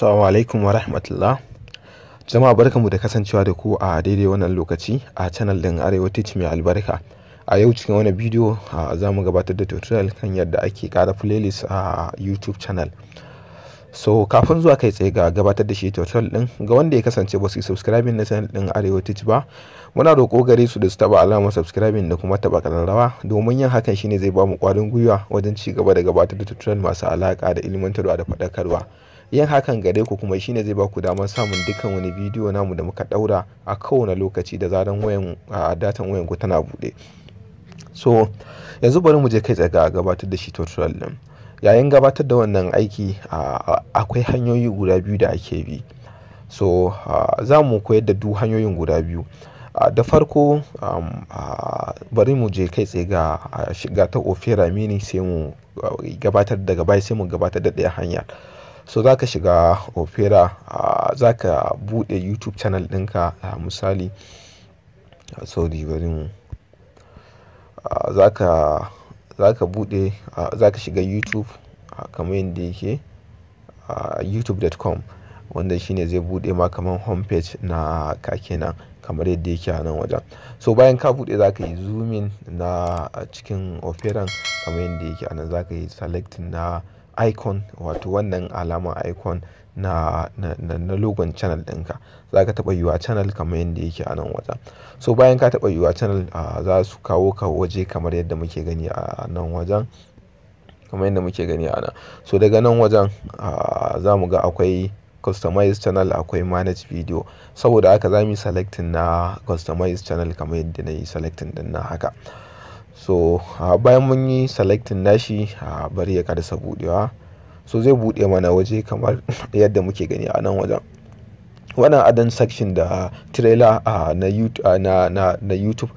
Assalamu alaikum wa rahmatullah. Jama'a barkanmu da kasancewa da ku a daidai wannan lokaci a channel din Arewa Teach mai albarka. A yau cikin wani bidiyo za mu gabatar da tutorial kan yadda ake kara playlist a YouTube channel. So kafin zuwa kai tsaye ga gabatar da shi tutorial din ga wanda ya kasance ba su yi subscribing na channel din Arewa Teach ba muna roƙo gare su da su taba alamar subscribing da kuma taba kararrawa domin yin hakan shine zai ba mu ƙwarin gwiwa wajen ci gaba da gabatar da tutorial masu alaƙa da ilmantarwa da faɗakarwa. yin hakan gare ku kuma shine zai ba ku damar samun dukkan wani bidiyo namu da muka daura a kowane lokaci da zaran wayan datan wayan ku tana bude so yanzu bari mu je kai tsaye ga gabatar da shi tutorial din yayin gabatar da wannan aiki akwai hanyoyi guda biyu da ake bi so za mu koyar da duk hanyoyin guda biyu da farko bari mu je kai tsaye ga shiga ta ofera mini sai mu gabatar daga bai sai mu gabatar da ɗaya hanyar so za ka shiga opera uh, za ka bude youtube channel ɗinka uh, misali uh, sorry bari mu za ka za ka shiga youtube kamar yadda yake youtube.com wanda shine zai buɗe ma kamar homepage na kakenan kamar yadda yake a nan wajen so bayan ka bude za ka yi zoomin na cikin operan kamar yadda yake a nan za ka yi selecting na icon wato wannan alama icon na, na, na, logon channel ɗinka za ka taɓa yiwa channel kamar yadda yake a nan wajen so bayan ka taɓa yiwa channel uh, za su kawo ka waje kamar yadda muke gani a nan wajen kamar yadda muke gani a nan so daga nan wajen uh, za mu ga akwai customize channel akwai manage video saboda haka za mu yi selecting na customize channel kamar yadda na yi selecting din na haka so uh, bayan mun yi selecting nashi a bari ya karasa budewa so zai bude mana waje kamar yadda muke gani a nan wajen wannan adan section da trailer uh, na, YouTube, na, na, youtube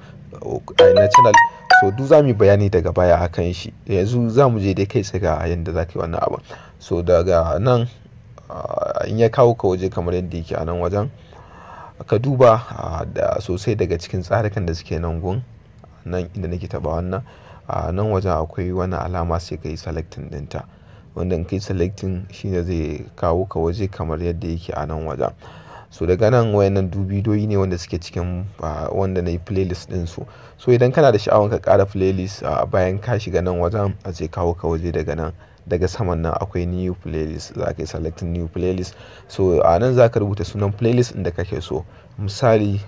na channel so duk za mu bayani daga baya akan shi yanzu za mu je dai kai tsaye ga yadda za ka yi wannan abin so daga nan in ya kawo ka waje kamar yadda yake a nan wajen ka duba da sosai daga cikin tsarikan da suke nan gun nan inda nake taɓa wannan a nan wajen akwai wani alama sai ka yi selecting dinta wanda in ka yi selecting shine zai kawo ka waje kamar yadda yake a nan wajen so daga nan wayannan dubidoyi ne wanda suke cikin wanda na yi playlist din su so idan kana da sha'awar ka kara playlist bayan ka shiga nan wajen a ce kawo ka waje daga nan daga saman nan akwai new playlist za ka yi selecting new playlist so a nan za ka rubuta sunan playlist da kake so misali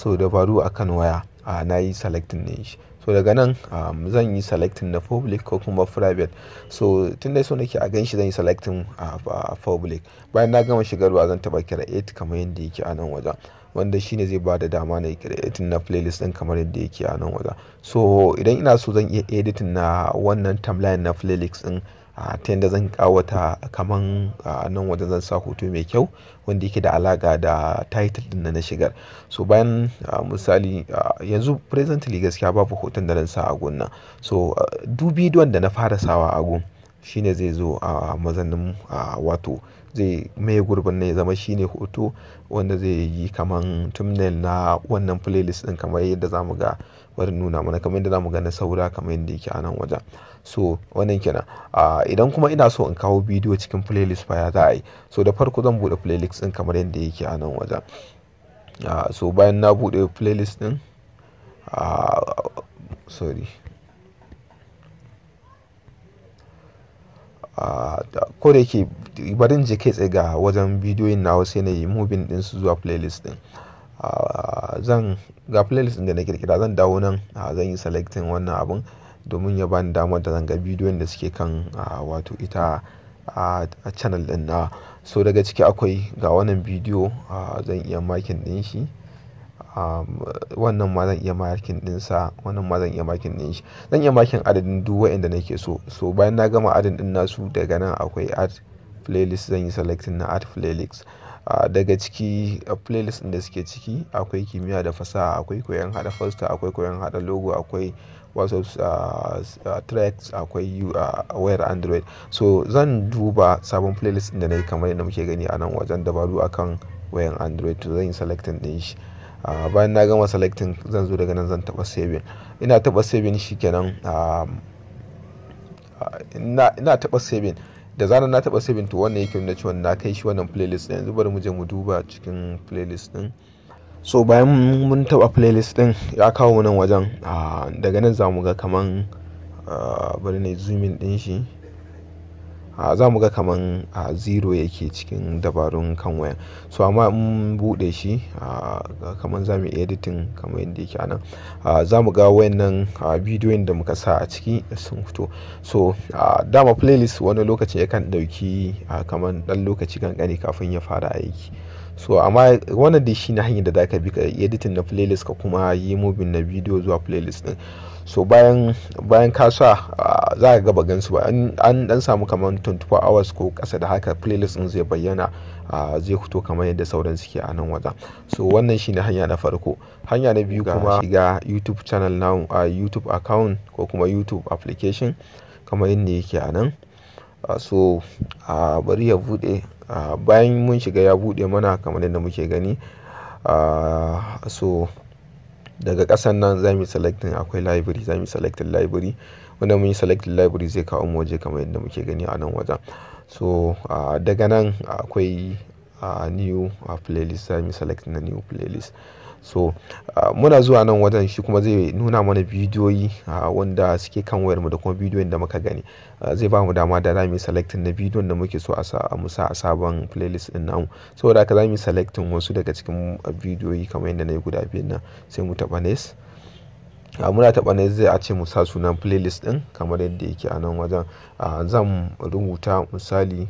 so dabaru akan waya a na yi selecting ne shi so daga nan um, zan yi selecting na public ko kuma private so tun dai so nake a ganshi zan yi selecting a uh, public bayan na gama shigarwa zan taba create kamar yadda yake a nan wajen wanda shine zai ba da dama na kira 8 na playlist din kamar yadda yake a nan wajen so idan ina so zan iya editing na wannan timeline na playlist din Ah, ta yadda zan kawata kaman ah, nan wajen zan sa hoto mai kyau wanda yake da alaka da title din na shigar so bayan ah, misali yanzu presently gaskiya babu hoton da zan sa a gun nan so duk bidiyon da na fara sawa a gun shine zai zo a mazanin a wato zai mai gurbin ne ya zama shine hoto wanda zai yi kaman thumbnail na wannan playlist din kamar yadda za mu ga Wani nuna mana kamar yadda za mu ga na saura kamar yadda yake a nan wajen so wannan kenan idan kuma ina so in kawo bidiyo cikin playlist fa ya za a yi so da farko zan buɗe playlist din kamar yadda yake anan nan wajen so bayan na buɗe playlist din sorry ko da yake barin je kai tsaye ga wajen bidiyoyin nawa sai na yi mubin din su zuwa playlist din zan ga playlist din da na kirkira zan dawo nan zan yi selecting wannan abun domin ya bani damar da zan ga bidiyoyin da suke kan wato ita a channel din na so daga ciki akwai ga wannan bidiyo zan iya makin din shi Um, wannan ma zan iya makin sa wannan ma zan iya makin din shi zan iya makin adadin duk na nake so so bayan na gama adadin din nasu daga nan akwai art playlist zan yi selecting na art playlist daga ciki playlist da suke ciki akwai kimiyya da fasaha akwai koyon hada fasta akwai koyon hada logo akwai wasu tracks akwai wayar android so zan duba sabon playlist inda da na yi kamar yadda muke gani a nan wajen dabaru akan wayan android to zan yi selecting din shi Ah, bayan na gama selecting zan zo daga nan zan taba saving ina taba saving shikenan kenan ah, ina, ina taba saving da zanen na taba saving to wannan yake nuna cewa na kai shi wannan playlist din yanzu bari mu je mu duba cikin playlist din so bayan mun taba playlist din ya kawo mu nan wajen ah, daga nan za mu ga kaman bari ne zooming din shi za mu ga kaman zero yake cikin dabarun kan wayan so amma in buɗe shi kaman za mu yi editing kamar yadda yake anan za mu ga wayannan bidiyon da muka sa a ciki sun fito so dama playlist wani lokaci yakan ɗauki kaman ɗan lokaci kankani kafin ya fara aiki so amma wannan dai shine hanyar da zaka bi ka editing na playlist ka kuma yi moving na video zuwa playlist din so bayan bayan ka sa za ka gaba gansu ba an dan samu kamar 24 hours ko kasa da haka playlist din zai bayyana zai fito kamar yadda sauran suke a nan wajen so wannan shine hanya na farko hanya na biyu kuma shiga youtube channel na youtube account ko kuma youtube application kamar yadda yake a nan so a bari ya bude bayan mun shiga ya bude mana kamar yadda muke gani so daga kasan nan za mu selecting akwai library za mu selecting library wanda mun yi selecting library zai kawo mu waje kamar yadda muke gani a nan wajen so daga nan akwai new playlist za mu selecting na new playlist so ah, muna zuwa nan wajen shi kuma zai nuna mana bidiyoyi ah, wanda suke kan wayarmu da kuma bidiyoyin da muka gani ah, zai ba mu dama da za mu na bidiyon da muke so a musa a sabon playlist din namu saboda haka zamu mu yi wasu daga cikin bidiyoyi kamar yadda na yi guda biyu nan sai mu taɓa next muna taɓa ne zai a ce mu sa sunan playlist din kamar yadda yake a nan wajen zan rubuta misali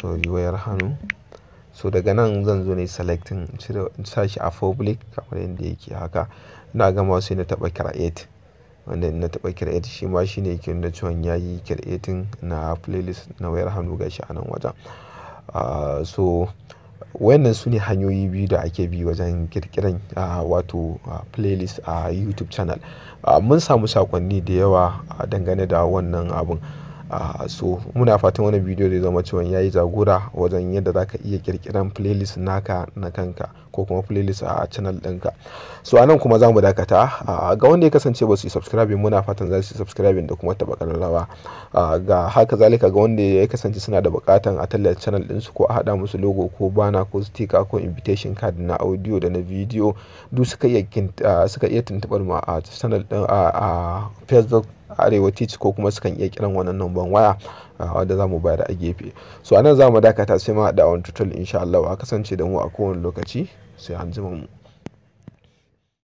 so wayar hannu so daga nan zan zo ne selecting in sa shi a public kamar yadda yake haka ina gama sai na taba create wanda na taba create shi ma shi ne yake nuna cewa ya yi creating na playlist na wayar hannu gashi a nan wajen ah, so wannan su ne hanyoyi biyu da ake bi wajen kirkiran ah, wato ah, playlist a youtube channel mun samu sakonni da yawa dangane da wannan abun Uh, so muna fatan wani bidiyo zai zama cewa ya yi jagora wajen yadda za ka iya kirkiran playlist naka na kanka ko kuma playlist a channel ɗinka so anan kuma za mu dakata uh, ga wanda ya kasance ba su yi subscribe muna fatan za su yi subscribe da kuma taba ƙararrawa uh, ga haka zalika ga wanda ya kasance suna da bukatan a tallar channel su ko a haɗa musu logo ko bana ko sticker ko invitation card na audio da na video duk suka iya tuntuɓar mu a channel ɗin a facebook arewa titi ko kuma sukan iya kiran wannan numban waya ah, wanda za mu bayar a gefe so anan za mu dakata sai ma haɗa a wani tutul insha Allah a kasance da mu a kowane lokaci sai an mu